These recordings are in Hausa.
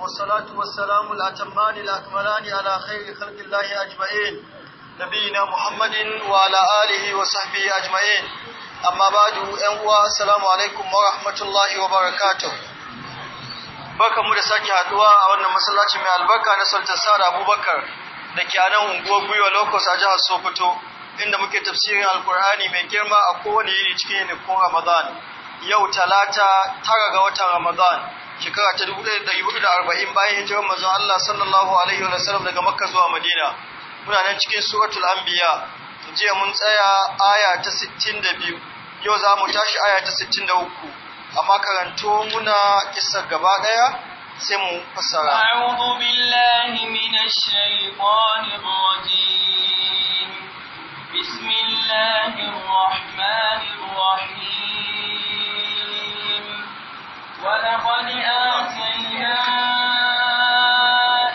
والصلاة والسلام الأتمان الأكملان على خير خلق الله أجمعين نبينا محمد وعلى آله وصحبه أجمعين أما بعد أنوا السلام عليكم ورحمة الله وبركاته barka mu da sake haduwa a wannan masallacin mai albarka na Sultan Sa'ad Abubakar da ke a nan unguwar Gwiwa Locus a jihar Sokoto inda muke tafsirin Alkur'ani mai girma a kowane yini cikin yinikun Ramadan yau talata tara ga watan Ramadan shekara ta dubu ɗaya da da arba'in bayan hijirar manzon Allah sallallahu alaihi wa sallam daga Makka zuwa Madina muna nan cikin suratul anbiya jiya mun tsaya aya ta 62 yau za mu tashi aya ta 63 amma karanto muna isa gaba ɗaya sai mu fasara بسم الله الرحمن الرحيم ولقد آتينا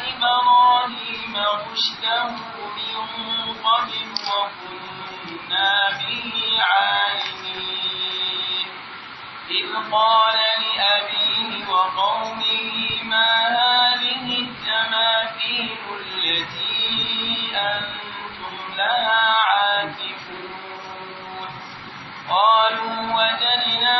إبراهيم رشده من قبل وكنا به عالمين إذ قال لأبيه وقومه ما هذه التماثيل التي أنتم لها عاكفون قالوا وجدنا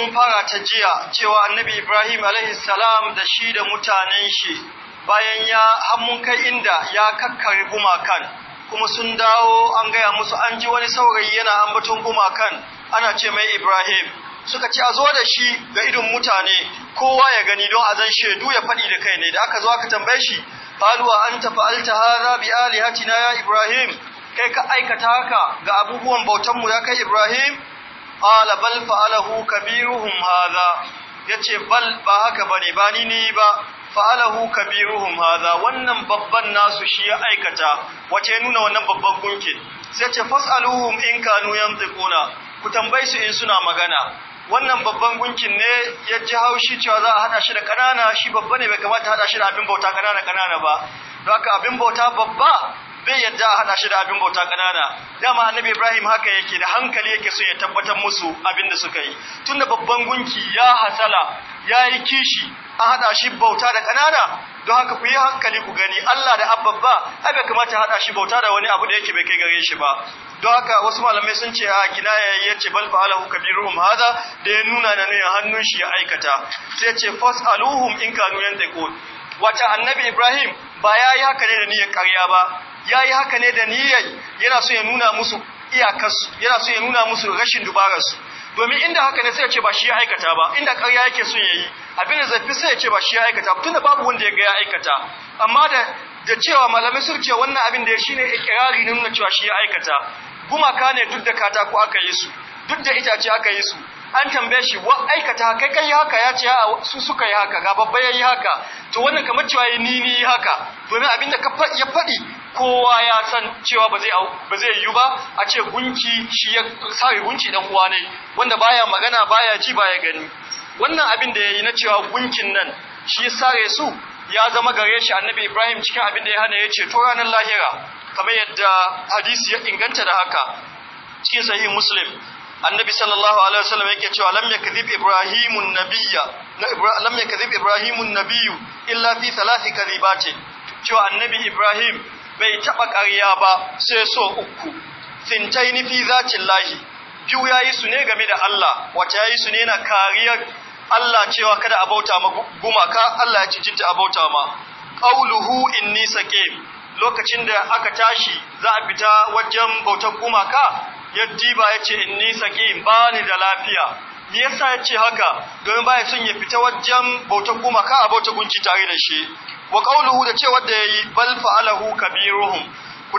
mun fara ta jiya cewa annabi Ibrahim salam da shi da mutanen shi bayan ya mun kai inda ya kakkare gumakan kuma sun dawo an gaya musu an ji wani saurayi yana ambaton gumakan ana ce mai Ibrahim suka ce a zo da shi ga idon mutane kowa ya gani don a zan shaidu ya faɗi da kai ne da aka zo aka tambaye shi qalu anta fa'alta hadha bi alihatina ya Ibrahim kai ka aikata haka ga abubuwan bautanmu ya kai Ibrahim qala bal fa'alahu kabiruhum hadha yace bal ba haka bane ba ni ne ba fa'alahu kabiruhum hadha wannan babban nasu shi ya aikata wace nuna wannan babban gunkin sai ce fasaluhum in kanu yantiquna ku tambaye su in suna magana wannan babban gunkin ne ya ji haushi cewa za a hada shi da kanana shi babba ne bai kamata hada shi da abin bauta kanana kanana ba don haka abin bauta babba bai yadda a haɗa shi da abin bauta kanana dama annabi Ibrahim haka yake da hankali yake so ya tabbatar musu abin da suka yi tunda babban gunki ya hasala ya yi kishi a hada shi bauta da kanana don haka ku yi hankali ku gani Allah da abbabba haka kamata hada shi bauta da wani abu da yake bai kai gare shi ba don haka wasu malamai sun ce a kinaya ya ce bal fa'alahu kabiruhum hada da ya nuna na nuyin hannun shi ya aikata sai ce fasaluhum in kanu yantiqun wata annabi Ibrahim ba ya yi haka ne da niyyar karya ba ya yi haka ne da niyyar yana so ya nuna musu iyakarsu yana so ya nuna musu rashin dubararsu domin inda haka ne sai ya ce ba shi ya aikata ba inda karya yake son ya yi abin da zafi sai ya ce ba shi ya aikata tun da babu wanda ya ga ya aikata amma da cewa malamai sun ce wannan abin da ya shine ikirari ne nuna cewa shi ya aikata gumaka ne duk da katako aka yi su duk da itace aka yi su an tambaye shi wa aikata kai kai haka ya ce su suka yi haka ga babba yayi haka to wannan kamar cewa ni ni haka domin abinda ka ya faɗi kowa ya san cewa ba zai ba yi ba a ce gunki shi ya sai gunki dan uwa ne wanda baya magana baya ji baya gani wannan abin da yayi na cewa gunkin nan shi ya sare su ya zama gare shi annabi Ibrahim cikin abin da ya hana ya ce to ranar lahira kamar yadda hadisi ya inganta da haka cikin sahih muslim annabi sallallahu alaihi wasallam yake cewa lam yakzib ibrahimun nabiyya lam yakzib ibrahimun nabiyyu illa fi thalath kadhibati cewa annabi ibrahim bai taɓa ƙarya ba sai so uku Fintai nifi zacin lahi biyu ya yi su ne game da Allah wata ya yi su ne na kariyar Allah cewa kada a bauta ma gumaka Allah ya cincinta a bauta ma qauluhu inni ke? lokacin da aka tashi za a fita wajen bautar gumaka yaddi ba yace inni ba ni da lafiya me yasa yace haka don bayan sun ya fita wajen bautar gumaka a bautar gunki tare da shi wa qauluhu da cewa da yayi bal fa'alahu kabiruhum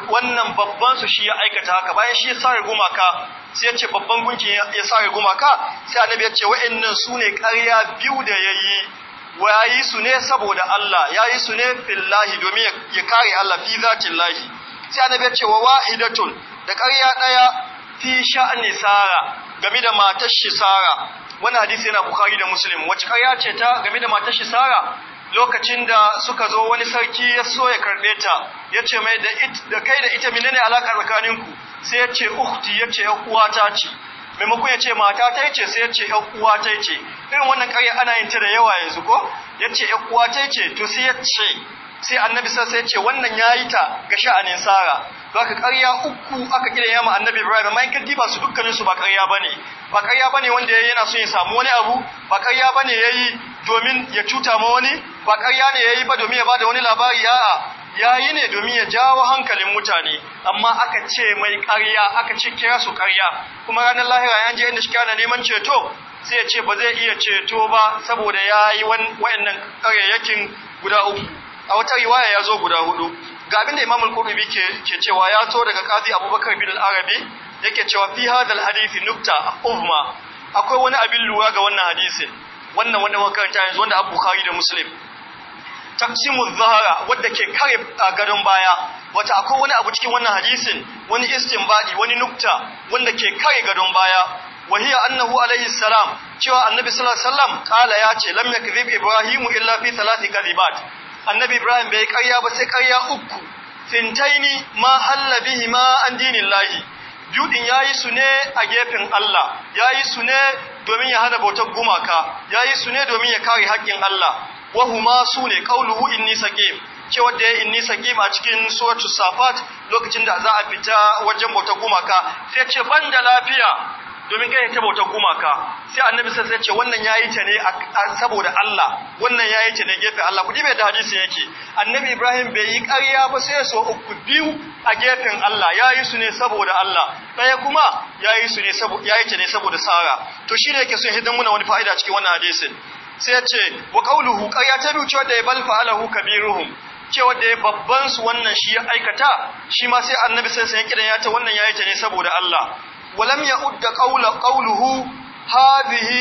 wannan babban su shi ya aikata haka bayan shi ya sare gumaka sai ya ce babban gunki ya sare gumaka sai annabi ya ce wa'annan sune ƙarya biyu da yayi wayi su ne saboda Allah yayi su ne fillahi domin ya kare Allah fi zatillahi sai annabi ya ce wa wahidatun da ƙarya daya fi sha'ni sara game da matar shi wani hadisi yana Bukhari da Muslim wacce ƙarya ce ta game da matar shi Sara lokacin da suka zo wani sarki ya so ya karbe ta ya ce mai da kai da ita menene alaka tsakaninku sai ya ce ukhti ya ce ta ce maimakon ya ce mata ta ce sai ya ce ta ce irin wannan karya ana yin ta da yawa yanzu ko ya ce ta ce to sai ya ce sai annabi sai ya ce wannan yayi ta ga sha'anin sara zaka ƙarya uku aka kira yamma annabi Ibrahim amma in ka diba su dukkanin su ba ƙarya bane ba ƙarya bane wanda yayi yana so ya samu wani abu ba ƙarya bane yayi domin ya cuta ma wani ba ƙarya ne yayi ba domin ya ba da wani labari a'a yayi ne domin ya jawo hankalin mutane amma aka ce mai ƙarya aka ce kira su ƙarya kuma ranar lahira ya je inda shi kana neman ceto sai ya ce ba zai iya ceto ba saboda yayi wa'annan ƙaryayyakin guda uku a wata riwaya ya zo guda hudu ga abin da imamul qurtubi ke ke cewa ya to daga qadi abubakar bin al-arabi yake cewa fi hadal hadisi nukta uzma akwai wani abin lura ga wannan hadisin wannan wanda muka yanzu wanda abu bukhari da muslim taqsimu dhahara wadda ke kare gadon baya wata akwai wani abu cikin wannan hadisin wani istinbadi wani nukta wanda ke kare gadon baya wahiya annahu alayhi salam cewa annabi sallallahu alaihi kala ya ce lam yakzib ibrahimu illa fi thalathi kalimat annabi Ibrahim bai karya ba sai karya uku fintaini ma halla bihi ma an dinin lahi judin yayi su ne a gefen Allah yayi su ne domin ya hana bautar gumaka yayi su ne domin ya kare haƙƙin Allah wa huma su ne in inni saqim cewa da ya inni saqim a cikin suratu safat lokacin da za a fita wajen bautar gumaka sai ce ban da lafiya domin kai ta kuma gumaka sai annabi sai ce wannan yayi ta ne saboda Allah wannan yayi ta ne gefe Allah ku dibe da hadisi yake annabi Ibrahim bai yi ƙarya ba sai so uku biyu a gefen Allah yayi su ne saboda Allah ɗaya kuma yayi su ne saboda yayi ta ne saboda Sara to shine yake so ya hidan muna wani fa'ida cikin wannan hadisi sai ya ce wa qauluhu ƙarya ta biyu cewa da ya bal fa'alahu kabiruhum cewa da babban su wannan shi ya aikata shi ma sai annabi sai sai kiran ya ta wannan yayi ta ne saboda Allah ولم يؤد قول قوله هذه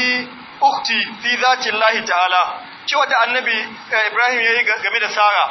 اختي في ذات الله تعالى شو ده النبي ابراهيم يي game da Sara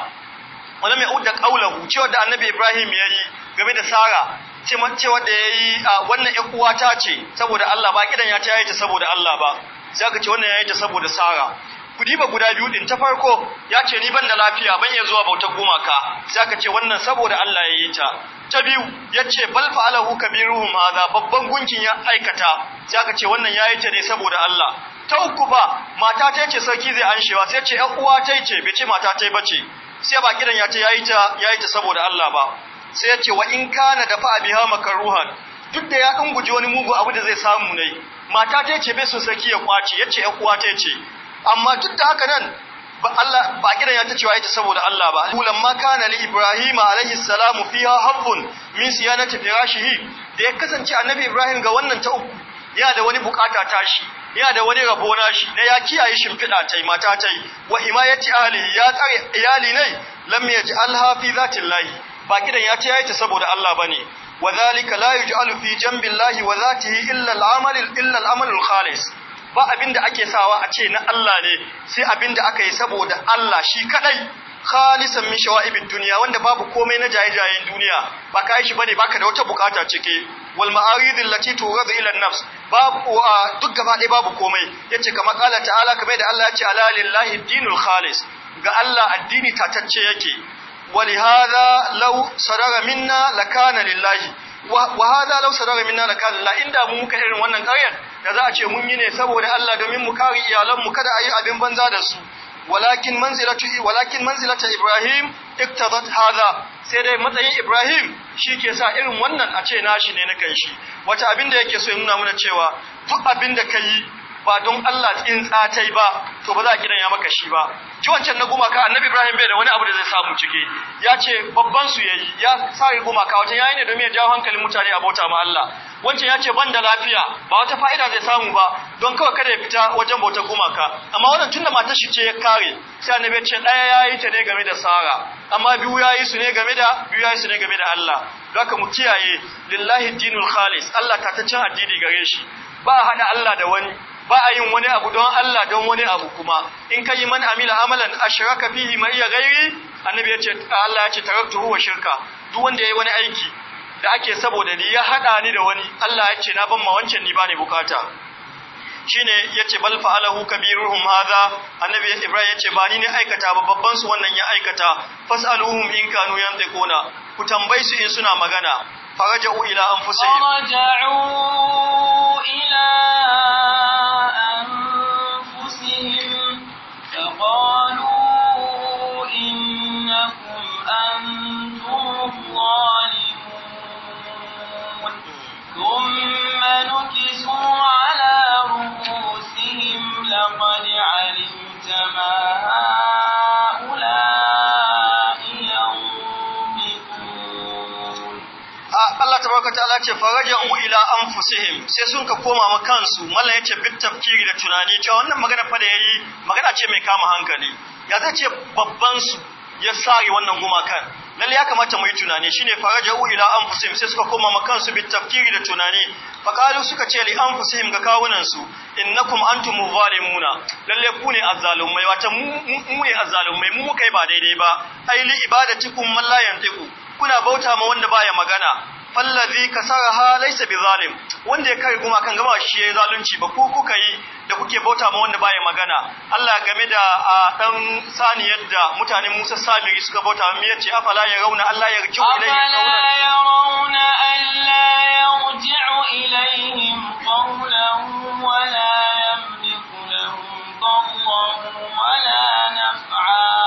ولم يؤد قوله شو ده النبي ابراهيم يي game da Sara ce man cewa da yayi wannan ƴan ta ce saboda Allah ba kidan ya ta yayi ta saboda Allah ba sai ka ce wannan ya yi ta saboda Sara kudi ba guda biyu din ta farko ya ce ni ban da lafiya ban ya zuwa bautar gumaka sai aka ce wannan saboda Allah ya yi ta ta biyu ya ce bal fa'alahu kabiruhum hadha babban gunkin ya aikata sai aka ce wannan ya yi ta ne saboda Allah ta uku ba mata ta ce sarki zai shewa sai ce ɗan uwa ta ce bai ce mata ta ba ce. sai ba kiran ya ce yi ta yi ta saboda Allah ba sai ya ce wa in kana da fa'a biha makaruhan duk da ya dan guji wani mugu abu da zai samu ne mata ta ce bai so sarki ya kwace ce ɗan uwa ta ce amma duk da haka nan ba Allah ba gidan ya ta cewa ita saboda Allah ba kulamma kana li Ibrahim alaihi salamu fiha habbun min siyanati firashihi da ya kasance annabi ibrahim ga wannan ta uku ya da wani bukata tashi ya da wani rabo shi, na ya kiyaye shimfida yi mata tai wa himayati ahli ya tsare iyali ne lam yaj'alha fi zati llahi ba gidan ya ce saboda Allah bane wa zalika la yuj'alu fi jambi llahi wa zatihi illa al-amal illa al-amal al-khalis ba abin da ake sawa a ce na Allah ne sai abin da aka yi saboda Allah shi kadai khalisan min shawa'ibid dunya wanda babu komai na jaye-jayen duniya ba kai shi bane baka da wata bukata cike wal ma'aridil lati turadu ila nafs babu duk gaba ɗaya babu komai yace kamar Allah ta'ala kamar da Allah ya ce ala lillahi dinul khalis ga Allah addini tatacce yake ولهذا لو صدر منا لكان lillahi. Wahaza lausa law sadara minna la kana la mu muka irin wannan karyar da za a ce mun yi ne saboda Allah domin mu kare iyalan mu kada a yi abin banza da su walakin manzilatu walakin manzilatu ibrahim iktadat hada sai dai matsayin ibrahim shi ke sa irin wannan a ce nashi ne na kai shi wata abin da yake so ya nuna mana cewa duk abin da kai ba don Allah tsintsa tsatai ba to ba za a ya maka shi ba Ciwon wancan na gumaka annabi Ibrahim bai da wani abu da zai samu cike ya ce babban su yayi ya sare gumaka wata yayi ne domin ya jawo hankalin mutane a bauta ma Allah wancan ya ce ban da lafiya ba wata fa'ida zai samu ba don kawai kada ya fita wajen bautar gumaka amma wannan tunda matar shi ce ya kare sai annabi ya ce daya yayi ta ne game da Sara amma biyu yayi su ne game da biyu yayi su ne game da Allah haka mu kiyaye lillahi dinul khalis Allah ta ta cin addini gare shi ba hada Allah da wani ba a yin wani abu don Allah don wani abu kuma in kai man amila amalan ashraka fihi ma iya gairi annabi yace Allah yace taraktuhu wa shirka duk wanda yayi wani aiki da ake saboda ni ya hada ni da wani Allah yace na ban ma wancan ni bane bukata shine yace bal fa'alahu kabiruhum hadha annabi Ibrahim yace ba ni ne aikata ba babban su wannan ya aikata fasaluhum in kanu yantiquna ku tambayi su in suna magana faraja'u ila anfusihim faraja'u ila ta'ala ce faraja'u ila anfusihim sai sun ka koma ma kansu mallan yace bit tafkiri da tunani cewa wannan magana fa da yayi magana ce mai kama hankali ya zai ce babban su ya sari wannan gumakan lalle ya kamata mu yi tunani shine faraja'u ila anfusihim sai suka koma ma kansu bit tafkiri da tunani faqalu suka ce li anfusihim ga kawunan su innakum antum zalimuna lalle ku ne azzalumai wata mu ne azzalumai mu muka yi ba daidai ba ai li ibadatikum mallayan la kuna bauta ma wanda baya magana fallazi kasaraha bi bizalim wanda ya kuma gumakan gaba shi yayi zalunci ba ku kuka yi da kuke bauta ma wanda baya magana Allah game da dan sani yadda mutanen Musa Sabiri suka bauta mu yace afala rauna Allah ya yarji'u ilayhim qawlan yarawna alla yarji'u ilayhim qawlan wala yamliku lahum dharran wala naf'a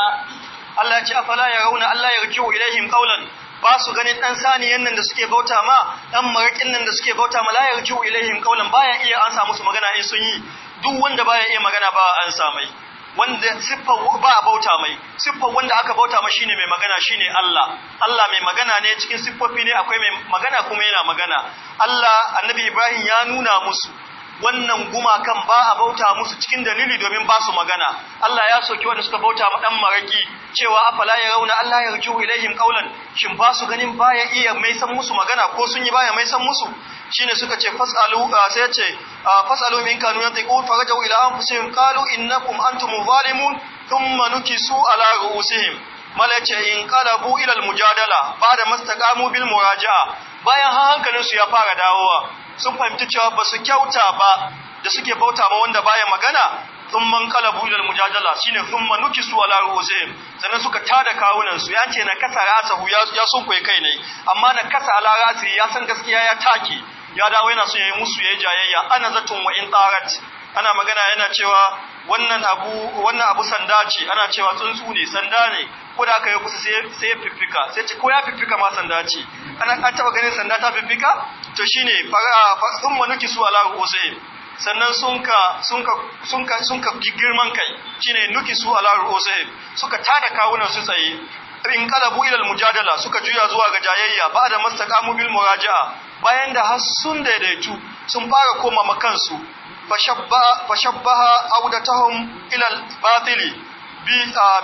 Allah ya ce afala rauna Allah ya yarji'u ilayhim qawlan ba su ganin ɗan saniyan nan da suke bauta ma ɗan marakin nan da suke bauta ma la yarju ilaihim qawlan baya iya an musu magana in sun yi duk wanda baya iya magana ba an samai wanda siffar ba a bauta mai siffar wanda aka bauta ma shine mai magana shine Allah Allah mai magana ne cikin siffofi ne akwai mai magana kuma yana magana Allah annabi Ibrahim ya nuna musu wannan gumakan ba a bauta musu cikin dalili domin ba su magana Allah ya soki wanda suka bauta ma dan maraki cewa afala ya rauna Allah ya rju ilaihim qaulan shin ba su ganin baya iya mai san musu magana ko sun yi baya mai san musu shine suka ce fasalu sai ya ce fasalu min kanu taqu farajau ila anfusihim qalu innakum antum zalimun thumma nukisu ala ru'usihim malace in qalabu ila almujadala ba da mastaqamu bil muraja'a bayan hankalin su ya fara dawowa sun fahimci cewa ba su kyauta ba da suke bauta ba wanda baya magana sun man kala bulal mujadala shine sun manuki su ala ruhusihim sannan suka tada kawunan su yace ce na kasa rasahu ya sun kai kai ne amma na kasa ala ya san gaskiya ya take ya dawo yana son yayi musu yayi jayayya ana zatun wa in tarat ana magana yana cewa wannan abu wannan abu sanda ce ana cewa tsuntsu ne sanda ne ko da aka yi kusa sai ya fiffika sai ci ko ya fifika ma sanda ce ana an taba ganin sanda ta fiffika to shine fasun manuki su ala husayn sannan sun ka sun ka girman kai shine nuki su ala husayn suka tada kawunan su tsaye in kalabu ilal mujadala suka juya zuwa ga jayayya ba da mustaqamu bil muraja'a bayan da har sun daidaitu sun fara koma makansu fashabbaha audatahum ilal batili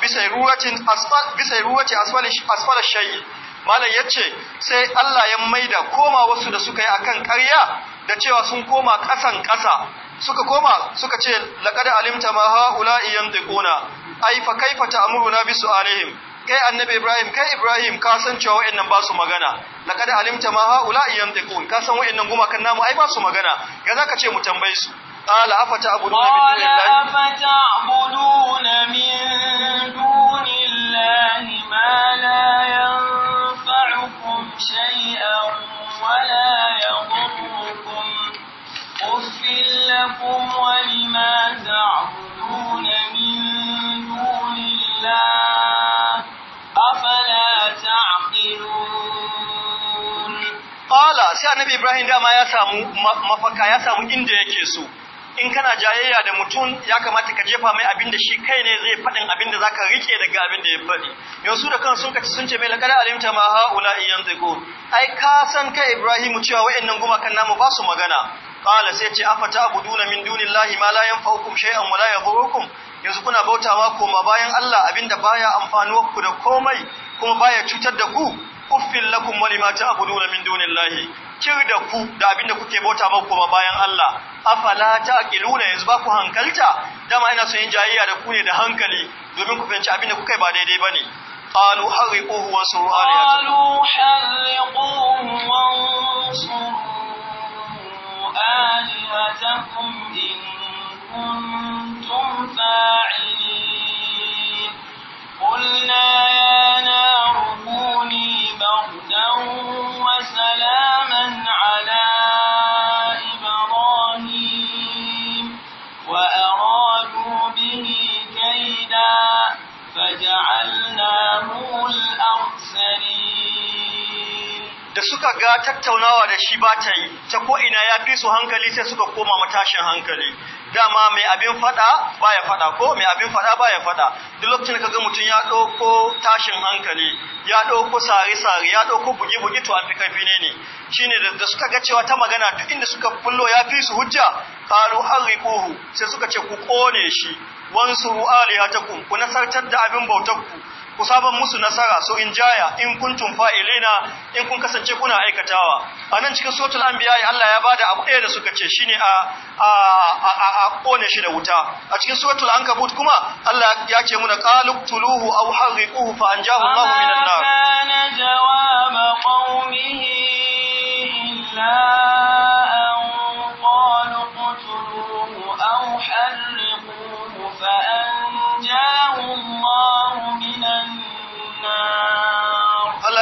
bisa ruwatin asfal bisa ruwati asfal shayi malam yace sai Allah ya maida koma wasu da suka yi akan ƙarya da cewa sun koma ƙasan ƙasa suka koma suka ce laqad alimta ma haula yamdiquna ai fa kaifa na bi su'alihim kai annabi Ibrahim kai Ibrahim ka san cewa wayannan ba su magana laqad alimta ma haula yamdiqun ka san wayannan gumakan namu ai ba su magana ga zaka ce mu tambaye su قال أفتعبدون من دون الله قال أفتعبدون من دون الله ما لا ينفعكم شيئا ولا يضركم قف لكم ولما تعبدون من دون الله أفلا تعقلون قال سي النبي إبراهيم ما يا سامو مفكا يا سامو yake so in kana jayayya da mutum ya kamata ka jefa mai abin da shi kai ne zai faɗin abin da zaka rike daga abin da ya faɗi yanzu da kan sun kaci sun ce mai alimta ma haula iyan ziko ai ka san kai Ibrahim cewa wayannan kan namu ba su magana qala sai ce afata abuduna min dunillahi ma la yanfa'ukum shay'an wa la yadhurukum yanzu kuna bautawa koma bayan Allah abin abinda baya amfanuwa ku da komai kuma baya cutar da ku uffil lakum wa lima ta'buduna min dunillahi Kir da ku da abinda kuke bauta maku kuma bayan Allah afala taqiluna yanzu ba ku hankalta dama ina so yin jayayya da ku ne da hankali domin ku fahimci abinda kuka ba daidai bane qalu harriquhu wansuru aliyatakum qalu hariquhu wa suru in suka ga tattaunawa da shi ba ta yi ta ko ina ya fi su hankali sai suka koma matashin hankali dama mai abin fada ba ya fada ko mai abin fada ba ya fada duk lokacin da kaga mutum ya dauko tashin hankali ya dauko sare sare ya dauko buge buge to an fi karfi ne ne shine da suka ga cewa ta magana duk inda suka kullo ya fi su hujja har harriquhu sai suka ce ku kone shi wansuru alihatakum ku nasartar da abin bautar ku ku saban musu nasara so in jaya in kun kuntum fa'ilina in kun kasance kuna aikatawa anan cikin suratul anbiya Allah ya bada abu ɗaya da suka ce shine a a kone shi da wuta a cikin suratul ankabut kuma Allah ya ce muna qaluqtuluhu aw hariquhu fa anjahu Allahu minan nar kana qaumihi illa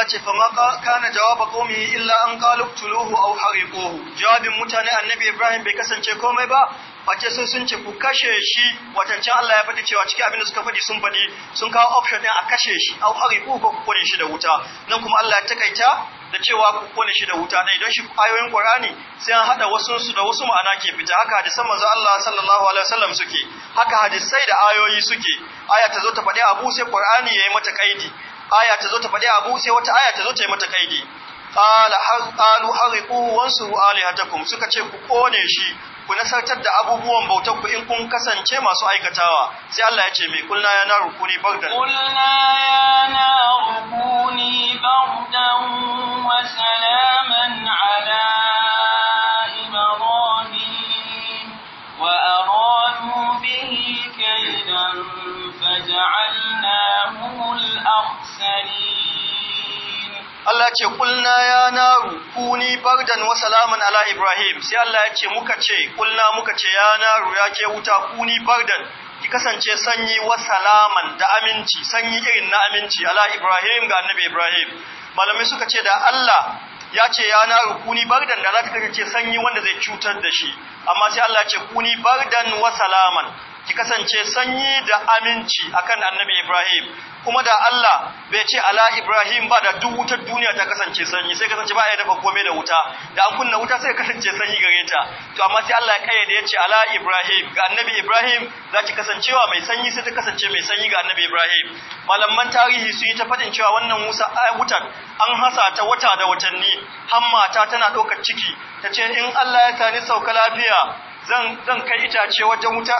ce fa maka kana jawaba qaumi illa an qalu tuluhu aw hariquhu jawabin mutane annabi Ibrahim bai kasance komai ba face sun sun ce ku kashe shi watancan Allah ya faɗi cewa cikin abin da suka faɗi sun faɗi sun kawo option ɗin a kashe shi aw hariquhu ko ku kone shi da wuta nan kuma Allah ya takaita da cewa ku kone shi da wuta dai don shi ayoyin Qur'ani sai an hada wasu su da wasu ma'ana ke fita haka hadisan manzo Allah sallallahu alaihi wasallam suke haka hadisai da ayoyi suke aya ta zo ta faɗi abu sai Qur'ani yayi mata kaidi aya ta zo ta faɗi abu sai wata aya ta zo ta yi mata kaidi qala qalu hariqu wansuru alihatakum suka ce ku kone shi ku nasartar da abubuwan bautar ku in kun kasance masu aikatawa sai Allah ya ce mai kulna ya naru kuni bardan kulna ya naru kuni bardan wa salaman ala ibrahim wa aradu Allah ce kulna ya naru kuni bardan wa salamun ala Ibrahim sai Allah ya ce muka ce kulna muka ce ya naru ya ke wuta kuni bardan ki kasance sanyi wa salaman da aminci sanyi irin na aminci ala Ibrahim ga annabi Ibrahim malamai suka ce da Allah ya ce ya na kuni bardan da za ta kasance sanyi wanda zai cutar da shi amma sai Allah ya ce kuni bardan wa salaman ki kasance sanyi da aminci akan annabi Ibrahim kuma da Allah bai ce ala Ibrahim ba da duk wutar duniya ta kasance sanyi sai kasance ba ya dafa komai da wuta da an kunna wuta sai kasance sanyi gare ta to amma sai Allah ya kayyade ya ce ala Ibrahim ga annabi Ibrahim za ki kasancewa mai sanyi sai ta kasance mai sanyi ga annabi Ibrahim malaman tarihi sun yi ta fadin cewa wannan eh, wutar an hasa ta wata da watanni har mata tana ɗaukar ciki ta ce in Allah ya tani sauka lafiya zan kai itace wajen wuta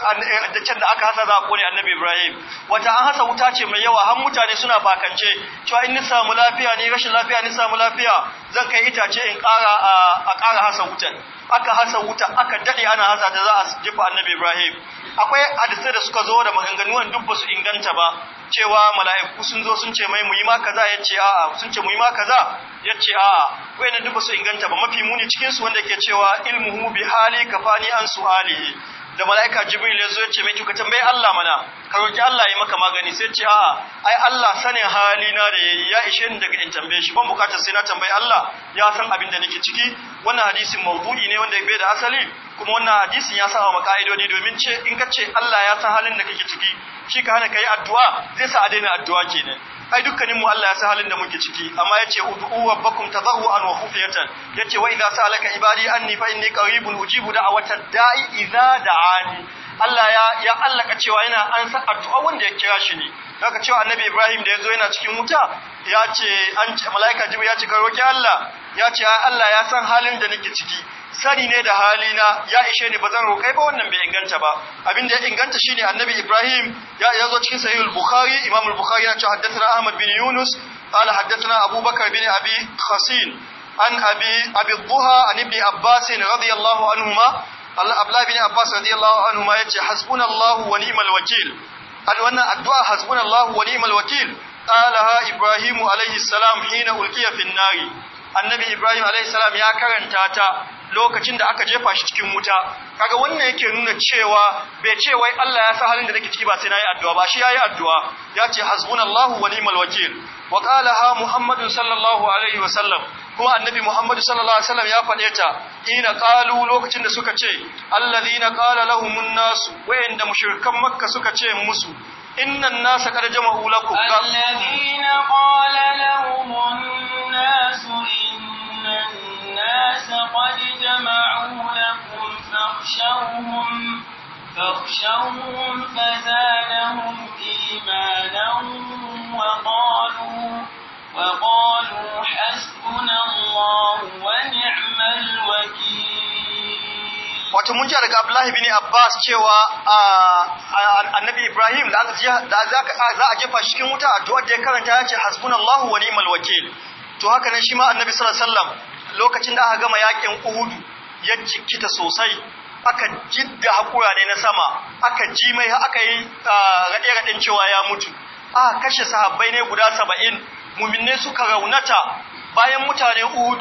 da can da aka hasa za a kone annabi Ibrahim wata an hasa wuta ce mai yawa har mutane suna fakance, cewa in ni samu lafiya ni rashin lafiya ni samu lafiya zan kai itace in ƙara a ƙara hasa wutan aka hasa wuta aka dade ana hasa ta za a jifa annabi Ibrahim akwai hadisai da suka zo da maganganuwan duk basu inganta ba cewa mala'iku sun zo sun ce mai muyi ma kaza yace a'a sun ce muyi ma kaza yace a'a wayannan duk basu inganta ba mafi muni cikin su wanda yake cewa ilmuhu bi hali kafani an su'alihi da mala'ika jibril ya zo ya ce mai ka tambayi Allah mana ka roki Allah ya maka magani sai ce a'a ai Allah sanin halina da yayi ya ishe ni daga in tambaye shi ban bukatar sai na tambayi Allah ya san abin da nake ciki wannan hadisin mawdu'i ne wanda bai da asali kuma wannan hadisin ya sa wa ka'idodi domin ce in ka ce Allah ya san halin da kake ciki shi ka hana ka yi addu'a zai sa a daina addu'a kenan ai dukkaninmu Allah ya sa halin da muke ciki amma yace ud'u rabbakum tadarruan wa khufyatan yace wa idza salaka ibadi anni fa inni qaribun ujibu da'watad da'i da da'ani Allah ya ya allaka cewa yana an sa addu'a wanda ya kira shi ne aka cewa annabi Ibrahim da yazo yana cikin wuta yace an mala'ika jibril ya ce ka roki Allah ya ce Allah ya san halin da nake ciki sani ne da halina ya ishe ni bazan roƙai ba wannan bai inganta ba Abinda ya inganta shine annabi Ibrahim ya ya zo cikin sahihul Bukhari Imam al-Bukhari ya ce haddathana Ahmad bin Yunus qala haddathana Abubakar bin Abi Khasin an Abi Abi Dhuha an Ibn Abbas radiyallahu anhuma Allah Abdullah bin Abbas radiyallahu anhuma yace hasbunallahu wa ni'mal wakil al wannan addu'a hasbunallahu wa ni'mal wakil qalaha Ibrahim alayhi salam hina ulqiya fi an-nari annabi Ibrahim alaihissalam ya karanta ta lokacin da aka jefa shi cikin wuta kaga wannan yake nuna cewa bai ce wai Allah ya sa halin da nake ciki ba sai nayi addu'a ba shi yayi addu'a ya ce hasbunallahu wa ni'mal wakil wa sallallahu alaihi wa sallam kuma annabi muhammadu sallallahu alaihi wa sallam ya faɗe ta ina qalu lokacin da suka ce alladhina qala lahumun nas wa'inda mushrikan makka suka ce musu innan nasa qad jama'u lakum alladhina qala nas الناس قد جمعوا لكم فاخشوهم فاخشوهم فزادهم إيمانا وقالوا وقالوا حسبنا الله ونعم الوكيل wato mun ji daga Abdullahi bin Abbas cewa annabi Ibrahim da za a jefa shi cikin wuta a duwar da ya karanta ya ce hasbunallahu wa ni'mal wakil to haka nan shi ma annabi sallallahu alaihi wasallam lokacin da aka gama yakin uhudu ya cikita sosai aka jidda hakura ne na sama aka ji mai aka yi gade raɗen cewa ya mutu aka kashe sahabbai ne guda 70 muminne suka raunata bayan mutane Uhud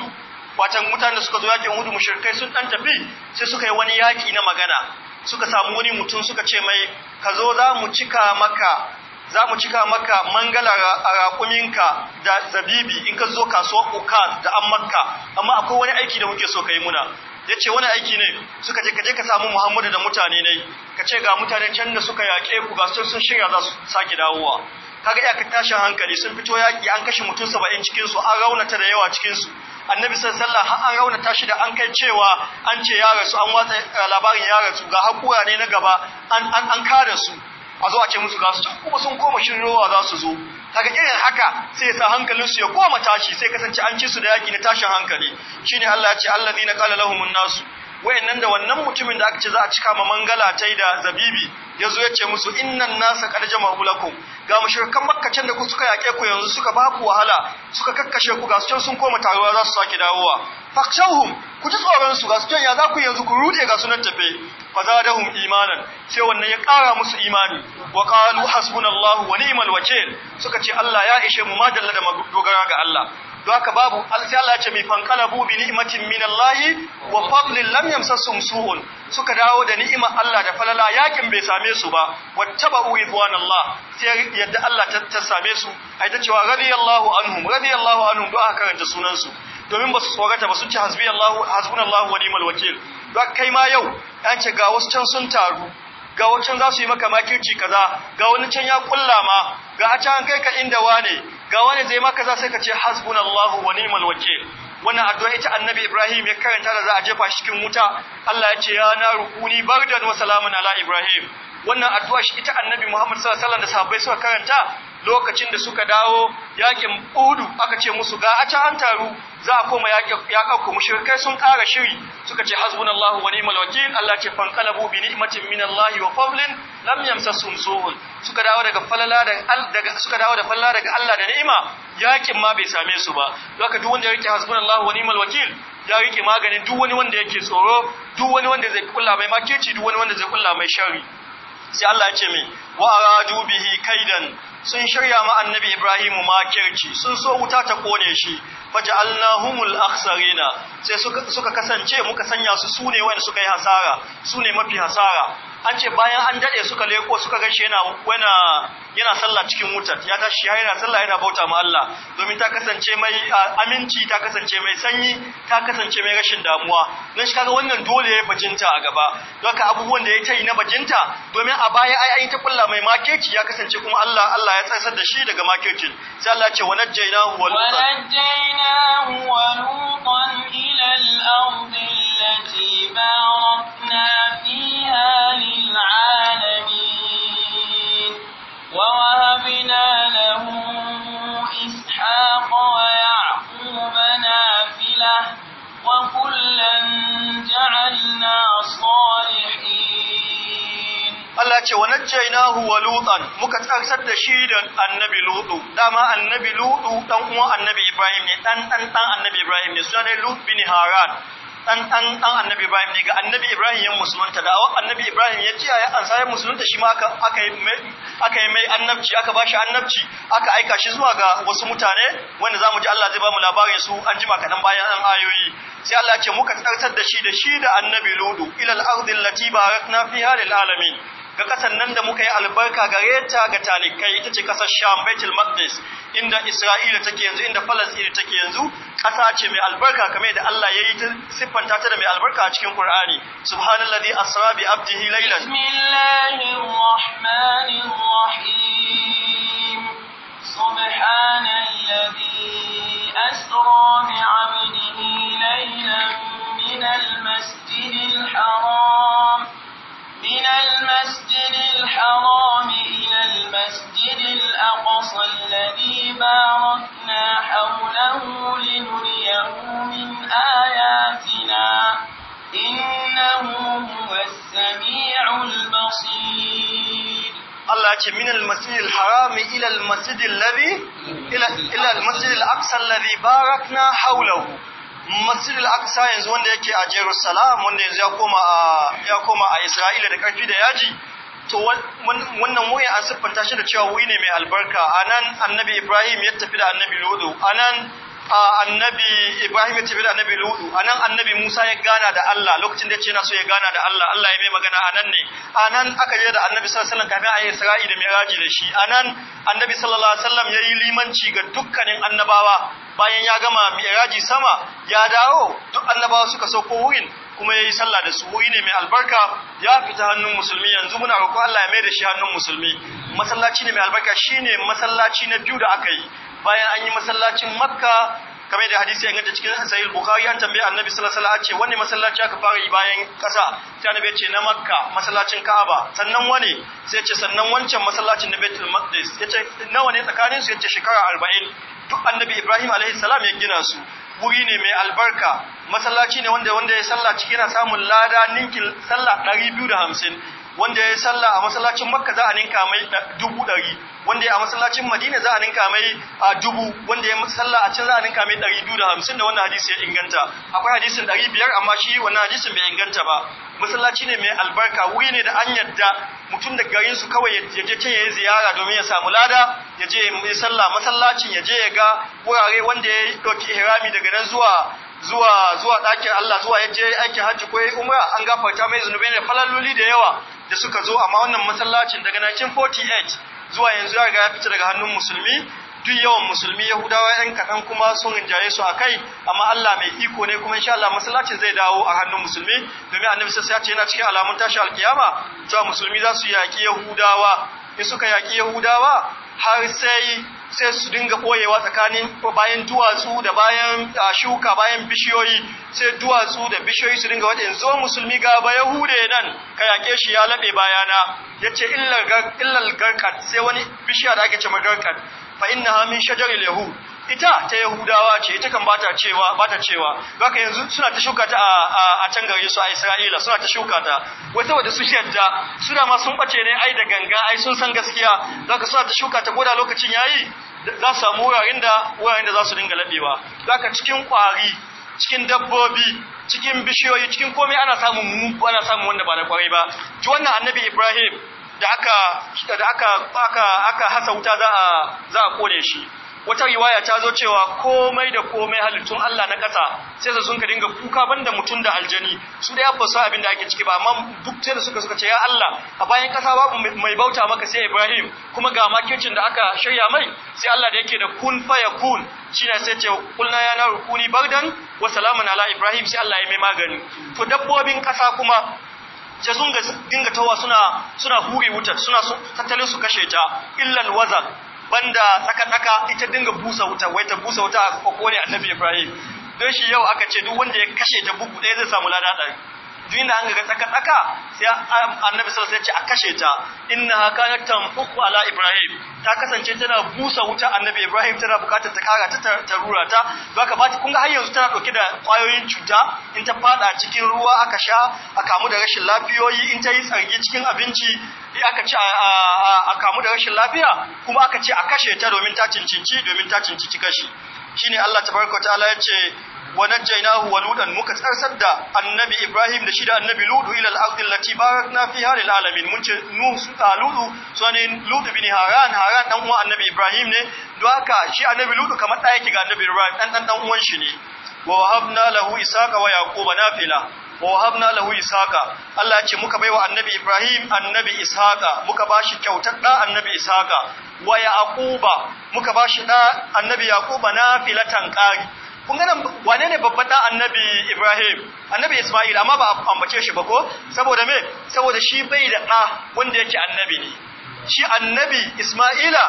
watan mutane suka zo yakin Uhud mushrikai sun dan tafi sai suka yi wani yaki na magana suka samu wani mutum suka ce mai ka zo za mu cika maka za mu cika maka mangala a raƙuminka da zabibi in ka zo kasuwar uka da an makka amma akwai wani aiki da muke so ka yi muna ya ce wani aiki ne suka je ka je ka samu muhammadu da mutane ne ka ce ga mutane can da suka yaƙe ku ga sun sun shirya za su sake dawowa kaga ka tashin hankali sun fito yaƙi an kashe mutum saba'in cikin su an raunata da yawa cikin su annabi sallallahu alaihi wasallam an raunata shi da an kai cewa an ce ya rasu an watsa labarin ya rasu ga hakura ne na gaba an an kada su a zo a ce musu gasu kuma sun koma shirin za su zo Haka irin haka sai sa hankalin su ya koma tashi sai kasance an ci su da yaki na tashin hankali shine Allah ya ce allazina qala lahumun nasu wayannan da wannan mutumin da aka ce za a cika ma mangala tai da zabibi yazo ya ce musu innan nasa qad jama'u lakum ga mushrikan makka can da ku suka yake ku yanzu suka baku wahala suka kakkashe ku gasu can sun koma taruwa za su sake dawowa fakshauhum ku ji tsoron su ga su ya za ku yanzu ku rude ga sunan tafe fazadahum imanan sai wannan ya kara musu imani wa qalu hasbunallahu wa ni'mal wakeel suka ce Allah ya ishe mu madalla da dogara ga Allah haka babu sai Allah ya ce mi fanqalabu bi ni'matin minallahi wa fadlin lam yamsasum su'un suka dawo da ni'imar Allah da falala yakin bai same su ba wattaba'u idwanallah sai yadda Allah ta same su ai ta cewa radiyallahu anhum radiyallahu anhum du'a karanta sunan su domin ba su tsorata ba sun ce hasbunallahu hasbunallahu wa ni'mal wakil don kai ma yau an ce ga wasu can sun taru ga can za su yi maka makirci kaza ga wani can ya kulla ma ga a can kai ka inda wane ga wani zai maka za sai ka ce hasbunallahu wa ni'mal wakil wannan addu'a ita annabi Ibrahim ya karanta da za a jefa shi cikin wuta Allah ya ce ya na rukuni bardan wa salamun ala Ibrahim wannan addu'a shi ita annabi Muhammad sallallahu alaihi wasallam da sahabbai suka karanta lokacin da suka dawo yakin Uhud aka ce musu ga a can an taru za a koma yakan ku mushrikai sun ƙara shiri suka ce hasbunallahu wa ni'mal wakil Allah ce fanqalabu bi ni'matin minallahi wa fadlin lam yamsasum su'un suka dawo daga falala daga suka dawo da falala daga Allah da ni'ima yakin ma bai same su ba haka duk wanda yake hasbunallahu wa ni'mal wakil ya rike maganin duk wani wanda yake tsoro duk wani wanda zai kulla mai makeci duk wani wanda zai kulla mai shari sai Allah ya ce mai wa aradu bihi kaidan sun shirya ma annabi Ibrahimu makirci sun so wuta ta kone shi faja'alnahumul akhsarina sai suka suka kasance muka sanya su sune wanda suka yi hasara sune mafi hasara an ce bayan an dade suka leko suka ga shi yana wana yana sallah cikin wutar ya tashi ya yana sallah yana bauta ma Allah domin ta kasance mai aminci ta kasance mai sanyi ta kasance mai rashin damuwa dan shi kaga wannan dole ya bajinta a gaba ka abubuwan da ya tayi na bajinta domin a baya ai ai ta kulla mai makeci ya kasance kuma Allah Allah ya tsarsar da shi daga makecin sai Allah ce wanajjaynahu wa lutan wa lutan ila al-ardh allati barakna fiha lil alamin ووهبنا له إسحاق fila نافلة وكلا جعلنا صالحين Allah ce wa najjaynahu wa lutan muka tsartar da shi da annabi lutu dama annabi Luɗu, dan uwan annabi ibrahim ne dan dan dan annabi ibrahim ne sunan lut bin haran dan dan dan annabi Ibrahim ne ga annabi Ibrahim yan musulunta da annabi Ibrahim ya ce ya ansa yan musulunta shi ma aka aka yi mai aka yi mai annabci aka ba shi annabci aka aika shi zuwa ga wasu mutane wanda zamu ji Allah zai ba mu labarin su an jima kadan bayan an ayoyi sai Allah ya ce muka tsartar da shi da shi da annabi Ludu ilal ardi allati barakna fiha lil alamin ga kasan nan da muka yi albarka gare ta ga talikai ita ce kasar Sham Baitul Maqdis inda Isra'ila take yanzu inda falastin take yanzu kasa ce mai albarka kamar da Allah ya yi ta siffanta ta da mai albarka a cikin Qur'ani subhanallazi asra bi abdihi laylan bismillahir rahmanir rahim subhanallazi bi abdihi laylan min al من المسجد الحرام إلى المسجد الأقصى الذي باركنا حوله لنريه من آياتنا إنه هو السميع البصير الله أكبر من المسجد الحرام إلى المسجد الذي إلى, إلى المسجد الأقصى الذي باركنا حوله masjid al-aqsa yanzu wanda yake a jerusalem wanda yanzu ya koma a ya koma a isra'ila da karfi da yaji to wannan wuya an siffanta shi da cewa wuyi ne mai albarka anan annabi ibrahim ya tafi da annabi ludu anan annabi ibrahim ya tafi da annabi ludu anan annabi musa ya gana da allah lokacin da ya ce yana so ya gana da allah allah ya mai magana anan ne anan aka yi da annabi sallallahu alaihi wasallam kafin a Isra'ila da miraji da shi anan annabi sallallahu alaihi wasallam ya yi limanci ga dukkanin annabawa bayan ya gama miraji sama ya dawo duk annabawa suka sauko wurin kuma yayi sallah da su wuri ne mai albarka ya fita hannun musulmi yanzu muna roƙo Allah ya mai da shi hannun musulmi masallaci ne mai albarka shine masallaci na biyu da aka yi bayan an yi masallacin Makka kamar da hadisi ya inganta cikin sahih bukhari an tambaye annabi sallallahu alaihi wasallam ce wanne masallaci aka fara yi bayan kasa sai annabi ce na makka masallacin ka'aba sannan wani sai ce sannan wancan masallacin na baitul maqdis yace nawa ne tsakanin su yace shekara 40 duk annabi Ibrahim alaihi salam ya gina su wuri ne mai albarka masallaci ne wanda wanda ya sallah cikin yana samun lada ninkin salla 250 wanda ya yi sallah a masallacin makka za a ninka mai eh, dubu ɗari wanda ya a masallacin madina za a ninka mai a dubu wanda ya sallah a can za a ninka mai ɗari biyu da hamsin da wannan hadisi ya inganta akwai hadisin ɗari biyar amma shi wannan hadisin bai inganta ba masallaci ne mai albarka wuri ne da an yadda mutum da garin su kawai ya je can ya yi ziyara domin ya samu lada ya je ya sallah masallacin ya je ya ga wurare wanda ya ɗauki ihrami daga nan zuwa zuwa zuwa ɗakin Allah zuwa ya je aikin hajji ko ya umra an gafarta mai zunubai ne falaloli da yawa da suka zo amma wannan masallacin daga 1948 zuwa yanzu ya ga ya fice daga hannun musulmi duk yawan musulmi yahudawa yan kaɗan kuma sun rinjaye su a kai amma Allah mai iko ne kuma insha Allah masallacin zai dawo a hannun musulmi domin annabi sai ya ce yana cikin alamun tashi alkiyama cewa musulmi za su yaƙi yahudawa in suka yaƙi yahudawa har sai sai su dinga ɓoyewa tsakanin bayan duwatsu da bayan shuka bayan bishiyoyi sai duwatsu da bishiyoyi su dinga wajen zo musulmi ga ba yahude nan ka yake shi ya laɓe bayana ya ce illal garkat sai wani bishiya da ake ce magarkat fa inna min shajaril yahud ita ta yahudawa ce ita kan bata cewa bata cewa baka yanzu suna ta shuka ta a can gari su a Isra'ila suna ta shuka ta Wai saboda su yadda suna ma sun bace ne ai da ganga ai sun san gaskiya zaka suna ta shuka ta goda lokacin yayi za su samu wuraren da da za su dinga labewa zaka cikin kwari cikin dabbobi cikin bishiyoyi cikin komai ana samun mu ana samun wanda ba na kwarai ba ji wannan annabi Ibrahim da aka da aka aka aka hasa wuta za a za a kore shi wata riwaya ta zo cewa komai da komai halittun Allah na ƙasa sai su sun ka dinga kuka banda mutum da aljani su da yabba su abin da ake ciki ba amma duk sai da suka suka ce ya Allah a bayan ƙasa babu mai bauta maka sai Ibrahim kuma ga makircin da aka shirya mai sai Allah da yake da kun faya kun shine sai ce kulna ya naru kuni bardan wa salamun ala Ibrahim sai Allah ya mai magani to dabbobin ƙasa kuma sai sun ga dinga tawa suna suna hure wutar suna tattalin su kashe ta illal wazak banda tsaka-tsaka ita dinga busa wuta wai ta busa wuta a kone annabi Ibrahim don shi yau aka ce duk wanda ya kashe ta buku ɗaya zai samu lada ɗari duk inda an ga tsaka tsaka sai annabi sallallahu alaihi ce a kashe ta innaha kanat tanfuqu ala ibrahim ta kasance tana busa wuta annabi ibrahim tana bukatar ta kara ta tarura ta baka ba ta kun ga har yanzu tana dauke da kwayoyin cuta in ta fada cikin ruwa aka sha a kamu da rashin lafiyoyi in ta yi tsarki cikin abinci aka ce a kamu da rashin lafiya kuma aka ce a kashe ta domin ta cincinci domin ta cincinci kashi shine Allah tabaraka ta'ala ya wa najjaynahu huwa ludan muka tsarsar da annabi Ibrahim da shi da annabi Ludu ila al-ardi allati barakna fiha lil alamin mun ce nu Ludu sunan Ludu bin Haran Haran dan annabi Ibrahim ne don haka shi annabi Ludu kamar ɗaya ki ga annabi Ibrahim dan dan dan uwan shi ne wa wahabna lahu isaqa wa yaquba nafila wa wahabna lahu Allah ya ce muka baiwa annabi Ibrahim annabi isaqa muka bashi kyautar da annabi isaqa wa yaquba muka bashi da annabi yaquba nafilatan qari kun ganin wane ne babban da annabi Ibrahim annabi Ismail amma ba ambace shi ba ko saboda me saboda shi bai da ɗa wanda yake annabi ne shi annabi Ismaila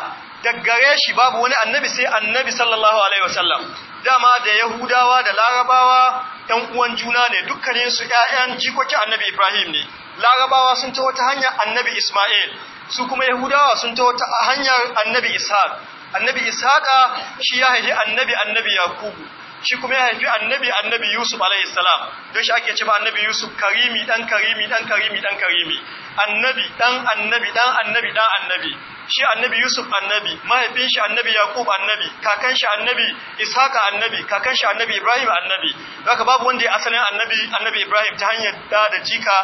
daggare shi babu wani annabi sai annabi sallallahu alaihi wasallam dama da Yahudawa da Larabawa ɗan uwan juna ne dukkanin su ƴaƴan jikokin annabi Ibrahim ne Larabawa sun ta wata hanyar annabi Ismail su kuma Yahudawa sun ta wata hanyar annabi Ishaq annabi Ishaqa shi ya haifi annabi annabi Yakubu shi kuma ya haifi annabi annabi Yusuf a.s. don shi ake cewa annabi Yusuf karimi dan karimi dan karimi dan karimi annabi dan annabi dan annabi dan annabi shi annabi Yusuf annabi mahaifin shi annabi Yaqub annabi kakan shi annabi Isaka annabi kakan shi annabi Ibrahim annabi haka babu wanda ya asalin annabi annabi Ibrahim ta hanyar da da jika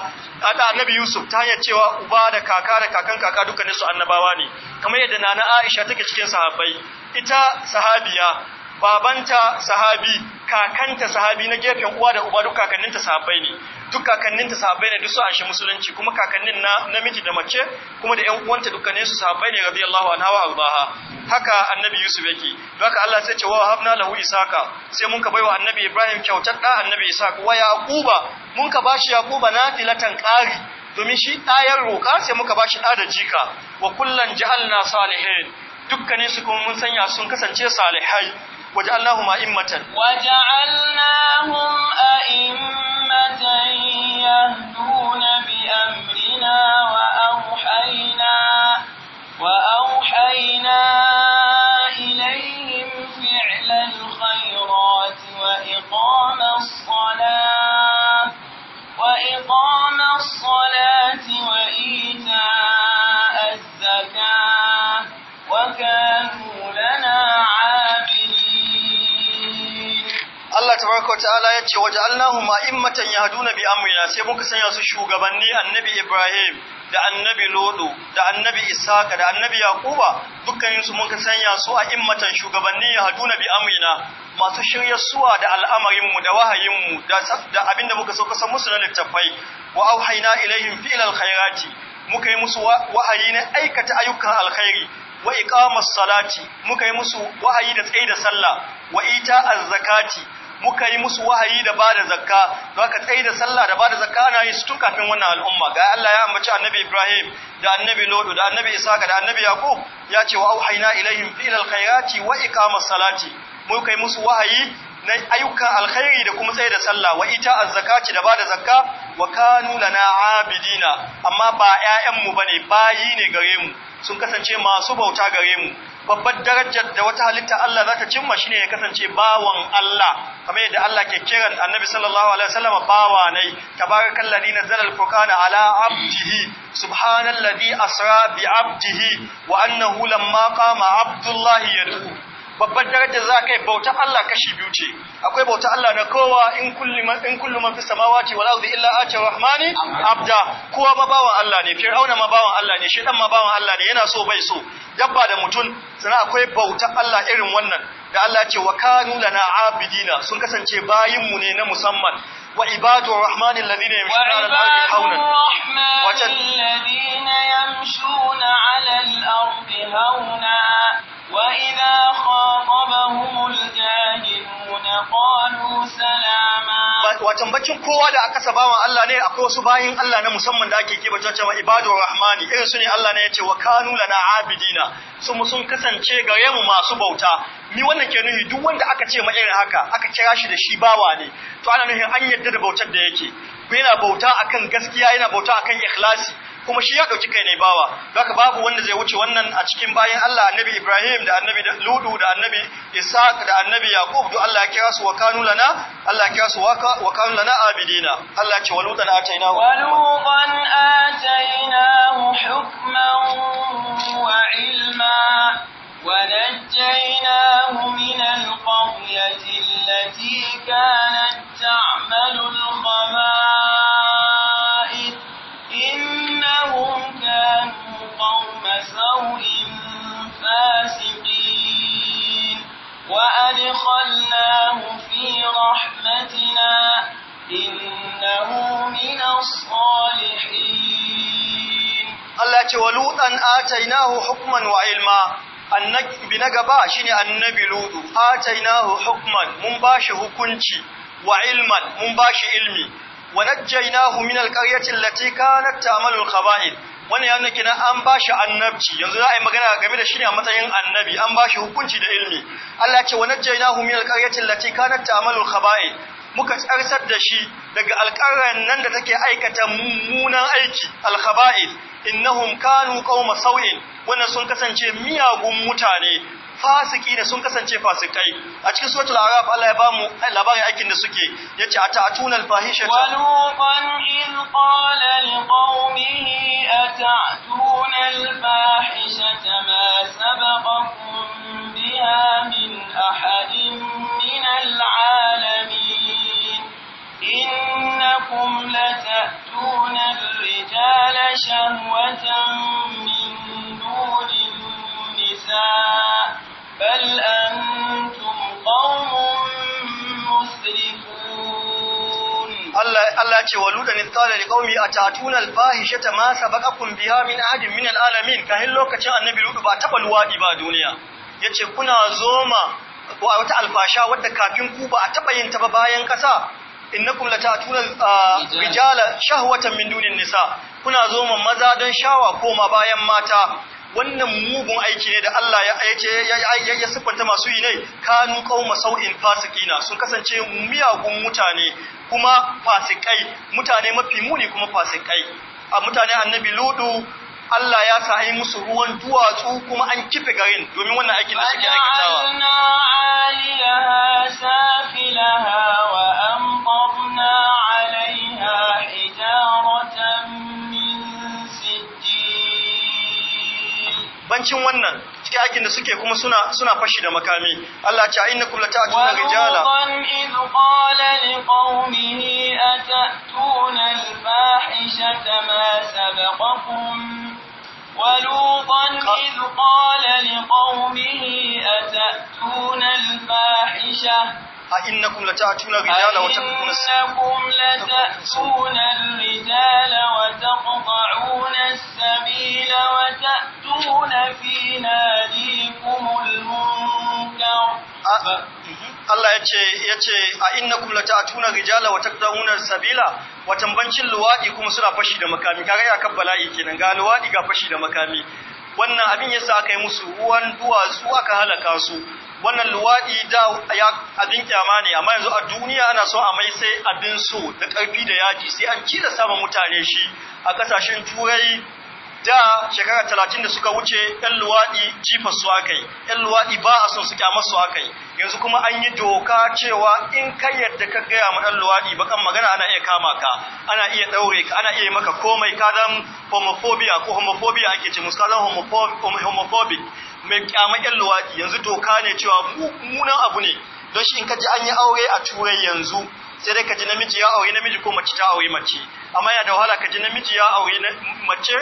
da annabi Yusuf ta hanyar cewa uba da kaka da kakan kaka dukkanin su annabawa ne kamar yadda nana Aisha take cikin sahabbai ita sahabiya babanta sahabi kakanta sahabi na gefen uwa da uba duk kakanninta sahabbai ne duk kakanninta sahabbai ne duk su ashe musulunci kuma kakannin na namiji da mace kuma da ƴan uwanta dukkanin su sahabbai ne radiyallahu anha wa ardaha haka annabi yusuf yake haka Allah sai ce wa habna lahu isaka sai mun ka baiwa annabi ibrahim kyautar da annabi isaka wa yaquba mun ka bashi yaquba nafilatan qari domin shi ɗayar roƙa sai muka bashi ɗa da jika wa kullan ja'alna salihin dukkanin su kuma mun sanya sun kasance salihai وجعلناهم أئمة وجعلناهم أئمة يهدون بأمرنا وأوحينا وأوحينا إليهم فعل الخيرات وإقام الصلاة وإقام الصلاة وإيتاء الزكاة وكانوا tabaraka ta'ala ya ce waja'alnahum a'immatan yahduna bi amrina sai muka sanya su shugabanni annabi Ibrahim da annabi Lodo da annabi Isaka da annabi Yakuba dukkanin su muka sanya su a'immatan shugabanni yahduna bi amrina masu suwa da al'amarin mu da wahayin mu da abinda muka sauka san musu na littafai wa auhayna ilaihim fi'lal khairati muka yi musu wahayi na aikata ayyukan alkhairi wa salati muka yi musu wahayi da tsayi da sallah wa ita az-zakati muka yi musu wahayi da ba da zakka don ka tsayi da sallah da ba da zakka na yi su tun kafin wannan al'umma ga Allah ya ambaci annabi Ibrahim da annabi Lodu da annabi Isaka da annabi Yaqub ya ce wa auhayna ilaihim fi alkhairati wa iqamas salati muka yi musu wahayi na ayyukan alkhairi da kuma tsaye da sallah wa ita azzakati da bada zakka wa kanu lana abidina amma ba ƴaƴan mu bane bayi ne gare mu sun kasance masu bauta gare mu babbar darajar da wata halitta Allah za ta cimma shine ya kasance bawan Allah kamar yadda Allah ke kiran Annabi sallallahu alaihi wasallam bawa ne tabarakal ladhi nazzala al-furqana ala abdihi subhanal ladhi asra bi abdihi wa annahu lamma qama abdullahi yad'u babbar daraja za kai bauta Allah kashi biyu ce akwai bauta Allah na kowa in kullu man in kullu man fis samawati wal ardi illa ati rahmani abda kowa ma bawan Allah ne fir'auna ma bawan Allah ne shedan ma bawan Allah ne yana so bai so dabba da mutum sana akwai bauta Allah irin wannan da Allah ce wa kanu lana abidina sun kasance bayin mu ne na musamman wa ibadu rahmani alladhina yamshuna ala al-ardi hawnan wa alladhina yamshuna ala al-ardi hawna wa idha Wacan bakin kowa da aka saba wa Allah ne akwai wasu bayin Allah na musamman da ake kiba cewa ibadu rahmani irin su ne Allah ne yace wa kanu lana abidina sun sun kasance gare mu masu bauta ni wannan ke nuhi duk wanda aka ce ma irin haka aka kira shi da shi bawa ne to ana nuhin an yadda da bautar da yake yana bauta akan gaskiya yana bauta akan ikhlasi kuma shi ya ɗauki kai ne bawa haka babu wanda zai wuce wannan a cikin bayan Allah annabi Ibrahim da annabi Ludu da annabi Isaac da annabi Yaqub duk Allah ya kira su wa kanu lana Allah ya kira su wa kanu lana abidina Allah ya ce walutan atainahu walutan atainahu hukman wa ilma ونجيناه من القرية التي كانت تعمل الخبائث أكثر فاسقين وأدخلناه في رحمتنا إنه من الصالحين الله تولوطا آتيناه حكما وعلما annabi na gaba shine annabi ludu atainahu hukman mun bashi hukunci wa ilman mun bashi ilmi wa najjaynahu min alqaryati allati kanat ta'malu alqaba'id wannan ya nuna an ba shi annabci yanzu za a yi magana game da shi ne a matsayin annabi an shi hukunci da ilmi Allah ya ce wa najjaynahu min alqaryati allati kanat ta'malu alkhaba'i muka tsarsar da shi daga alƙaryar nan da take aikata mummunan aiki alkhaba'i innahum kanu qauma sau'in wannan sun kasance miyagun mutane fasiki ne sun kasance fasikai a cikin suratul araf Allah ya bamu labarin aikin da suke yace ata al-fahishata wa luqan in qala liqaumihi ata'tuna al-fahishata ma sabaqakum biha min ahadin min al-alamin innakum lata'tuna ar-rijala shahwatan min duni النِّسَاءِ بل أنتم قوم مسرفون الله الله يقول ولودا إذ قال لقومه أتأتون الفاحشة ما سبقكم بها من أحد من العالمين كهل لوكacin annabi Lutu ba taba luwadi ba duniya yace kuna zoma wata alfasha wadda kafin ku ba a taba yin ta ba bayan kasa innakum latatuna rijala shahwatan min dunin nisa kuna zoma maza don shawa ko ma bayan mata wannan mugun aiki ne da Allah ya ya siffanta masu yi ne kanu qauma sau'in fasikina sun kasance miyagun mutane kuma fasikai mutane mafi muni kuma fasikai a mutane annabi ludu Allah ya sa ai musu ruwan duwatsu kuma an kife garin domin wannan aikin da suke aikatawa. yawancin wannan cikin aikin da suke kuma suna suna fashi da makami Allah ta innakum la ta'tuna rijala wa in qala liqaumihi atatuna al-fahishata ma sabaqakum ولوطا إذ قال لقومه أتأتون الفاحشة أئنكم لتأتون الرجال وتقطعون السبيل وتأتون في ناديكم المنكر Allah ya ce ya ce a وتقطعون السبيل rijala لوادي taqdawuna sabila فشي luwadi kuma suna fashi da makami kaga ya kenan ga luwaɗi ga fashi da makami wannan abin yasa aka yi musu ruwan duwatsu aka halaka su wannan luwaɗi da abin kyama ne amma yanzu a duniya ana so a mai sai abin so da ƙarfi da yaji sai an ci da sama mutane shi a ƙasashen turai da shekara talatin da suka wuce ‘yan luwaɗi jifa su aka yi ‘yan luwaɗi ba a son su kyama su aka yanzu kuma an yi doka cewa in kai yadda ka gaya ma ɗan luwaɗi bakan magana ana iya kama ka ana iya ɗaure ka ana iya maka komai ka zan homophobia ko homophobia ake ce musu ka zan homophobic mai yan luwaɗi yanzu doka ne cewa munan abu ne don shi in ka ji an yi aure a turai yanzu sai dai ka ji namiji ya aure namiji ko mace ta aure mace amma yana da wahala kaji ji namiji ya aure mace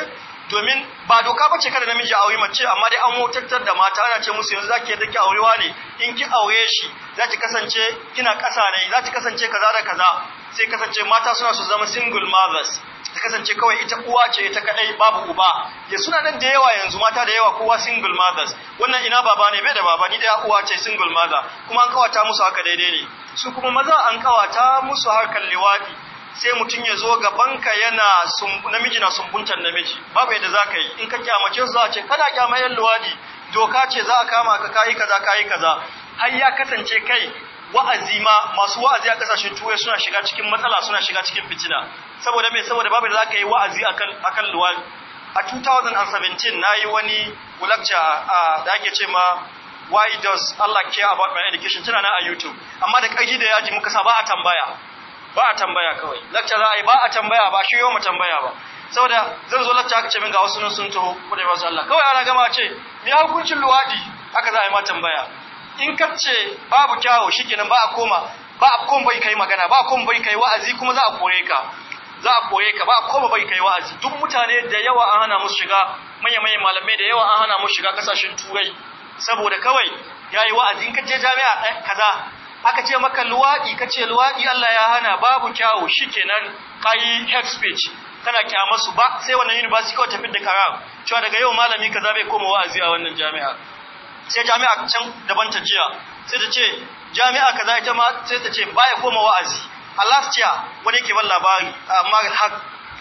domin ba doka bace kada namiji aure mace amma dai an motartar da mata ana ce musu yanzu za ki yadda ki aurewa ne in ki aure shi za ki kasance kina kasa ne ki kasance kaza da kaza sai kasance mata suna su zama single mothers ta kasance kawai ita uwa ce ita kadai babu uba ya suna nan da yawa yanzu mata da yawa kowa single mothers wannan ina baba ne bai da baba ni da uwa ce single mother kuma an kawata musu haka daidai ne su kuma maza an kawata musu harkar liwadi sai mutum ya zo ga banka yana namiji na sumbuntar namiji babu yadda za ka yi in ka kyamace su za a ce kada kyamayen luwadi doka ce za a kama ka kayi kaza kayi kaza har ya kasance kai wa'azi ma masu wa'azi a kasashen turai suna shiga cikin matsala suna shiga cikin fitina saboda mai saboda babu da za ka yi wa'azi akan kan luwadi a 2017 na yi wani lecture a da ake ce ma why does Allah care about my education tana na a YouTube amma da kaji da yaji muka sa ba a tambaya ba a tambaya kawai lecture za a yi ba a tambaya ba shi yau mu tambaya ba saboda zan zo lacca aka ce min ga wasu nan sun taho ko da ba su Allah kawai ana gama ce me hukuncin luwadi aka za a yi ma tambaya in ka ce babu kyawo shikenan ba a koma ba a koma bai kai magana ba a koma bai kai wa'azi kuma za a kore ka za a kore ka ba a koma bai kai wa'azi duk mutane da yawa an hana musu shiga manya-manyan malamai da yawa an hana musu shiga kasashen turai saboda kawai yayi wa'azi in ka je jami'a kaza aka ce maka luwaɗi ka ce luwaɗi Allah ya hana babu kyawo shi kenan kayi head speech kana kya masu ba sai wannan university kawai tafi da karam cewa daga yau malami kaza bai koma wa'azi a wannan jami'a sai jami'a can daban ta jiya sai ta ce jami'a kaza ita ma sai ta ce baya koma wa'azi a last year wani yake ban labari amma har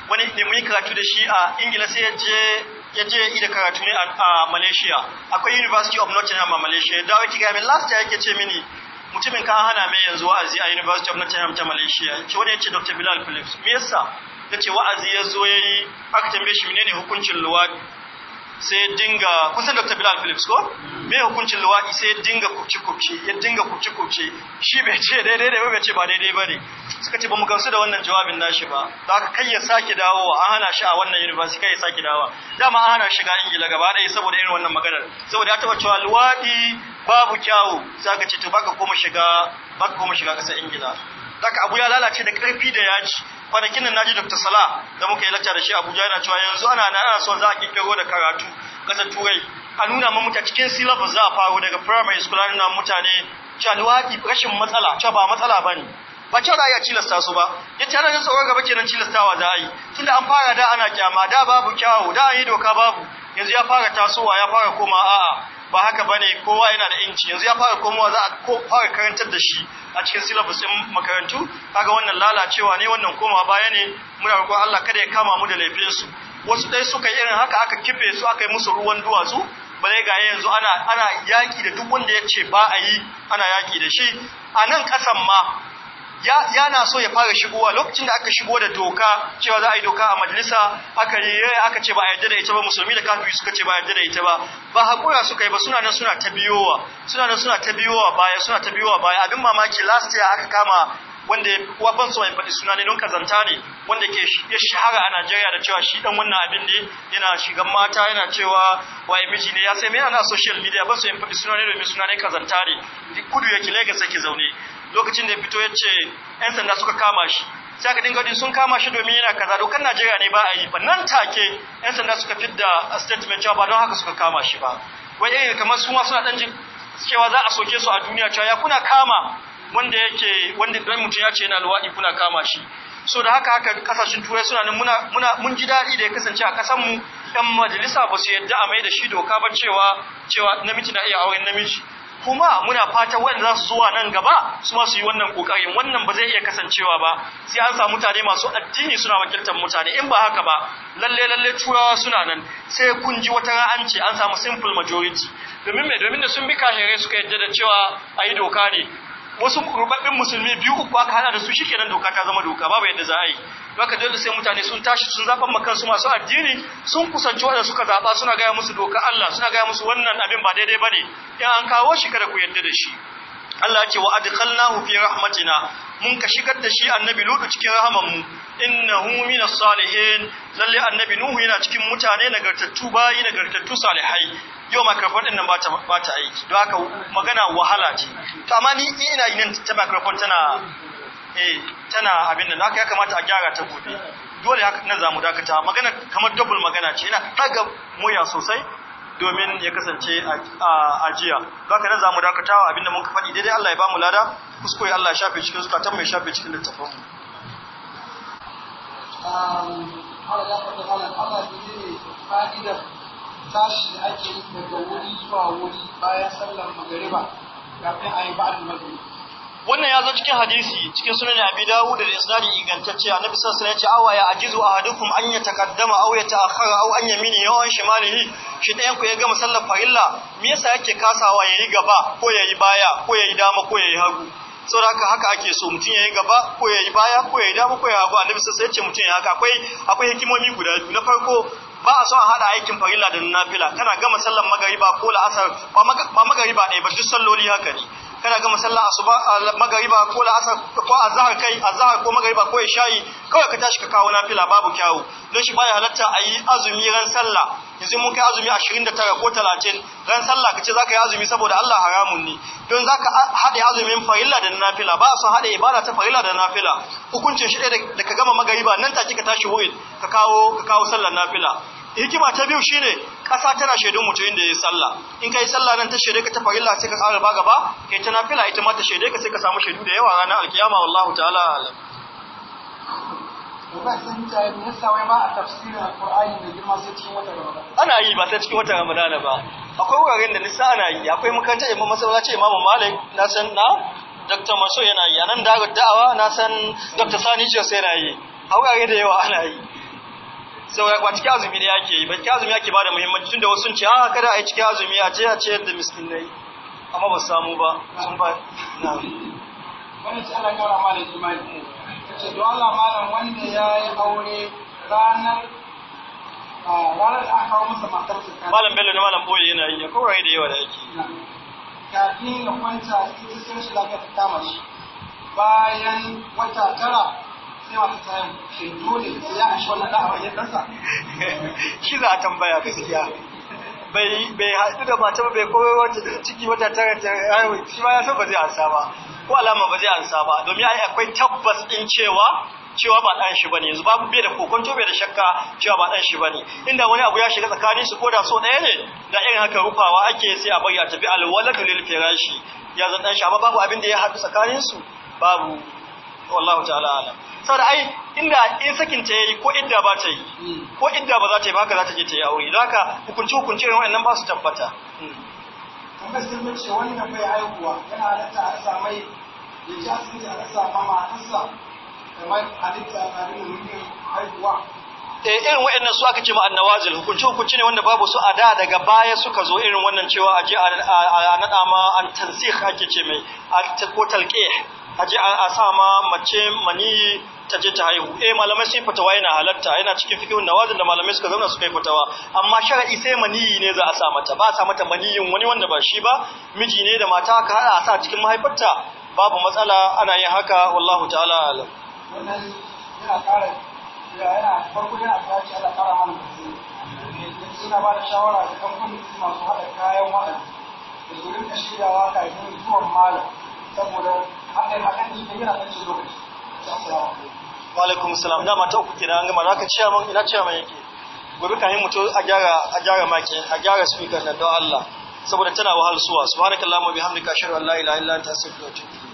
wani ne mun yi karatu da shi a ingila sai ya je ya karatu ne a malaysia akwai university of nottingham a malaysia ya dawo kiga min last year yake ce mini mutumin ka hana mai yanzu wa'azi a university of nottingham ta malaysia ce wani ya ce dr bilal phillips me yasa ya ce wa'azi ya zo yi aka tambaye shi menene hukuncin luwadi sai dinga kun san Dr. Bilal Phillips ko me hukuncin luwaɗi sai dinga kuci kuci ya dinga kuci kuci shi bai ce daidai da bai ce ba daidai bane suka ce ba mu gamsu da wannan jawabin nashi ba da haka kai ya sake dawo a hana shi a wannan university kai ya sake dawo dama a hana shiga Ingila gaba ɗaya saboda irin wannan maganar saboda ya taba cewa luwaɗi babu kyawu saka ce to baka koma shiga baka koma shiga ƙasar Ingila zaka abu ya lalace da karfi da yaji kwanakin nan naji Dr. Salah da muka yi lacca da shi Abuja yana cewa yanzu ana na ana so za a kikkiro da karatu kasar Turai a nuna mu muta cikin syllabus za a faro daga primary school an nuna mutane cewa liwaki rashin matsala cewa ba matsala bane ba cewa za a iya cilasta su ba ya ce ana tsoron gaba kenan cilastawa za a yi tunda an fara da ana kyama da babu kyawu da an yi doka babu yanzu ya fara tasowa ya fara koma a'a ba haka bane kowa yana da inci yanzu ya fara komowa za a fara karantar da shi a cikin syllabus din makarantu kaga wannan lalacewa ne wannan komawa baya ne muna roƙon Allah kada ya kama mu da laifin su wasu dai suka yi irin haka aka kife su aka yi musu ruwan duwatsu bare ga yanzu ana ana yaki da duk wanda ya ce ba a yi ana yaki da shi a nan kasan ma yana so ya fara shigowa lokacin da aka shigo da doka cewa za a yi doka a majalisa aka rere aka ce ba a yarda da ita ba musulmi da kafiri suka ce ba a yarda da ita ba ba hakura suka yi ba suna nan suna ta suna nan suna tabiyowa baya suna tabiyowa baya abin mamaki last year aka kama wanda kuwa ban so ya suna ne don kazanta ne wanda ke ya shahara a Najeriya da cewa shi dan wannan abin ne yana shigan mata yana cewa waye miji ne ya sai mai ana social media ban so ya faɗi suna ne domin suna ne kazanta ne kudu yake Lagos yake zaune lokacin da ya fito ya ce ‘yan sanda suka kama shi sai aka dinga sun kama shi domin yana kaza dokan najeriya ne ba a yi ba nan take ɗan sanda suka fidda statement cewa ba don haka suka kama shi ba wai irin eh, kamar su ma suna dan jin cewa za a soke su a duniya cewa ya kuna kama wanda yake wanda don mutum ya ce yana luwaɗi kuna kama shi so da haka haka kasashen turai suna nan muna muna mun ji dadi da ya kasance a kasan mu ɗan majalisa ba su yadda a mai da shi doka ba cewa cewa namiji na iya auren namiji kuma muna fata wanda za su zuwa nan gaba su ma su yi wannan kokarin wannan ba zai iya kasancewa ba sai an samu mutane masu addini suna wakiltar mutane in ba haka ba lalle lalle turawa suna nan sai kun ji wata ra'anci an samu simple majority domin me domin da sun bi kahere suka yadda da cewa ayi doka ne wasu rubabbin musulmi biyu uku aka hana da su shi kenan doka ta zama doka babu yadda za a yi haka dole sai mutane sun tashi sun zafan makan masu addini sun kusanci wanda suka zaɓa, suna gaya musu doka Allah suna gaya musu wannan abin ba daidai bane in an kawo shi kada ku yadda da shi Allah ce wa adkhalnahu fi rahmatina mun ka shigar da shi annabi lutu cikin rahamanmu innahu minas salihin lalle annabi nuhu yana cikin mutane nagartattu bayi nagartattu salihai yau microphone din nan ba ta ba ta aiki don haka magana wahala ce to amma ni ina yin ta microphone tana eh tana abin nan haka ya kamata a gyara ta gobe dole haka na zamu dakata magana kamar double magana ce ina daga moya sosai domin ya kasance a ajiya baka na mu dakatawa abinda mun faɗi daidai Allah ya bamu lada kuskure Allah ya shafe cikin zukatan mai shafe cikin littafin mu um, tashi ake daga wuri zuwa wuri bayan sallar magariba kafin a yi ba'al magariba wannan ya zo cikin hadisi cikin sunan Abi Dawud da isnadi ingantacce Annabi sallallahu alaihi wasallam ya ce awa ya ajizu ahadukum an yataqaddama aw yata'akhkhara aw an yamini yawan shimalihi shi ɗayan ku ya gama sallar farilla me yasa yake kasawa yayi gaba ko yayi baya ko yayi dama ko yayi hagu saboda haka ake so mutum yayi gaba ko yayi baya ko yayi dama ko yayi hagu Annabi sallallahu alaihi wasallam ya ce mutum ya haka akwai akwai hikimomi guda biyu na farko ba a so a hada aikin farilla da nafila kana gama sallar magariba ko la'asar ba magariba ɗaya ba duk salloli haka ne kana ga masallan asuba magariba ko asar ko azhar kai azhar ko magariba ko isha'i kawai ka tashi ka kawo nafila babu kyawu don shi baya halatta a yi azumi ran sallah yanzu mun kai azumi 29 ko 30 ran sallah kace zaka yi azumi saboda Allah haramun ne don zaka hade azumin farilla da nafila ba su hade ibada ta farilla da nafila hukuncin shi da ka gama magariba nan take ka tashi wurin ka kawo ka kawo sallar nafila hikima ta biyu shine ƙasa tana shaidun mutumin da ya yi sallah in ka yi sallah nan ta shaidai ka ta farilla sai ka ƙara ba gaba yi ta nafila ita ma ta shaidai? ka sai ka samu shaidu da yawa ranar alkiyama wallahu ta'ala alam ana yi ba sai cikin wata ramadana ba akwai wuraren da nisa ana yi akwai makaranta imam masallaci imamu malik na san na dr maso yana yi anan da da'awa na san dr sani jos yana yi a wurare da yawa ana yi sai wa cikin azumi ne yake yi ba cikin azumi yake ba da muhimmanci tunda wasu sun ce a ah, kada a yi cikin azumi a ce a ce yadda miskin na yi amma ba samu ba sun ba na wani ce Allah kara mala imani ce don Allah malam wanda ya yi aure ranar ranar da aka kawo masa matarsa malam bello na malam boye yana yi ya kawai da yawa da yake kafin ya kwanta ita sai rashin lafiya ta kama shi bayan wata tara shi za a tambaya gaskiya bai haɗu da mata bai kowai wata ciki wata tara ta haihu shi ma ya san ba zai ansa ba ko alama ba zai ansa ba domin ai akwai tabbas ɗin cewa cewa ba ɗan shi bane yanzu babu bai da kokonto bai da shakka cewa ba ɗan shi bane inda wani abu ya shiga tsakanin su ko da so ɗaya ne da irin haka rufawa ake sai a bari a tafi da lil firashi ya zan ɗan shi amma babu abin da ya haɗu tsakanin su babu wallahu ta'ala alam saboda ai inda in sakin ta yayi ko idda ba ta yi ko idda ba za ta yi ba ka za ta je ta yi aure don haka hukunci hukunci irin wa'annan ba su tabbata hmm. kamar sun mace wannan bai haihuwa yana halatta a rasa mai ya ji asibiti a rasa ma matarsa kamar halitta tare da nufin haihuwa eh, irin waɗannan su aka ce ma annawazil hukunci hukunci ne wanda babu su a da daga baya suka zo irin wannan cewa a je a naɗa ma an tansikh ake ce mai ko talqih Aje a sa ma mace mani ta je ta haihu eh malamai sun fatawa yana halatta yana cikin fikihun nawazin da malamai suka zauna suka yi wa amma shar'i sai mani ne za a sa mata ba a sa mata maniyin wani wanda ba shi ba miji ne da mata ka hada a sa cikin mahaifarta babu matsala ana yin haka wallahu ta'ala alam wannan farko yana Allah ƙara mana suna ba da da kamfanin kayan da malam saboda Walaikun salam dama ta uku kira an gama za ka ciya man ina ciya man yake gobe ka hin mutu a gyara a gyara maki a gyara speaker na don Allah saboda tana wahal suwa subhanakallahumma bihamdika ashhadu an la ilaha illa anta astaghfiruka wa atubu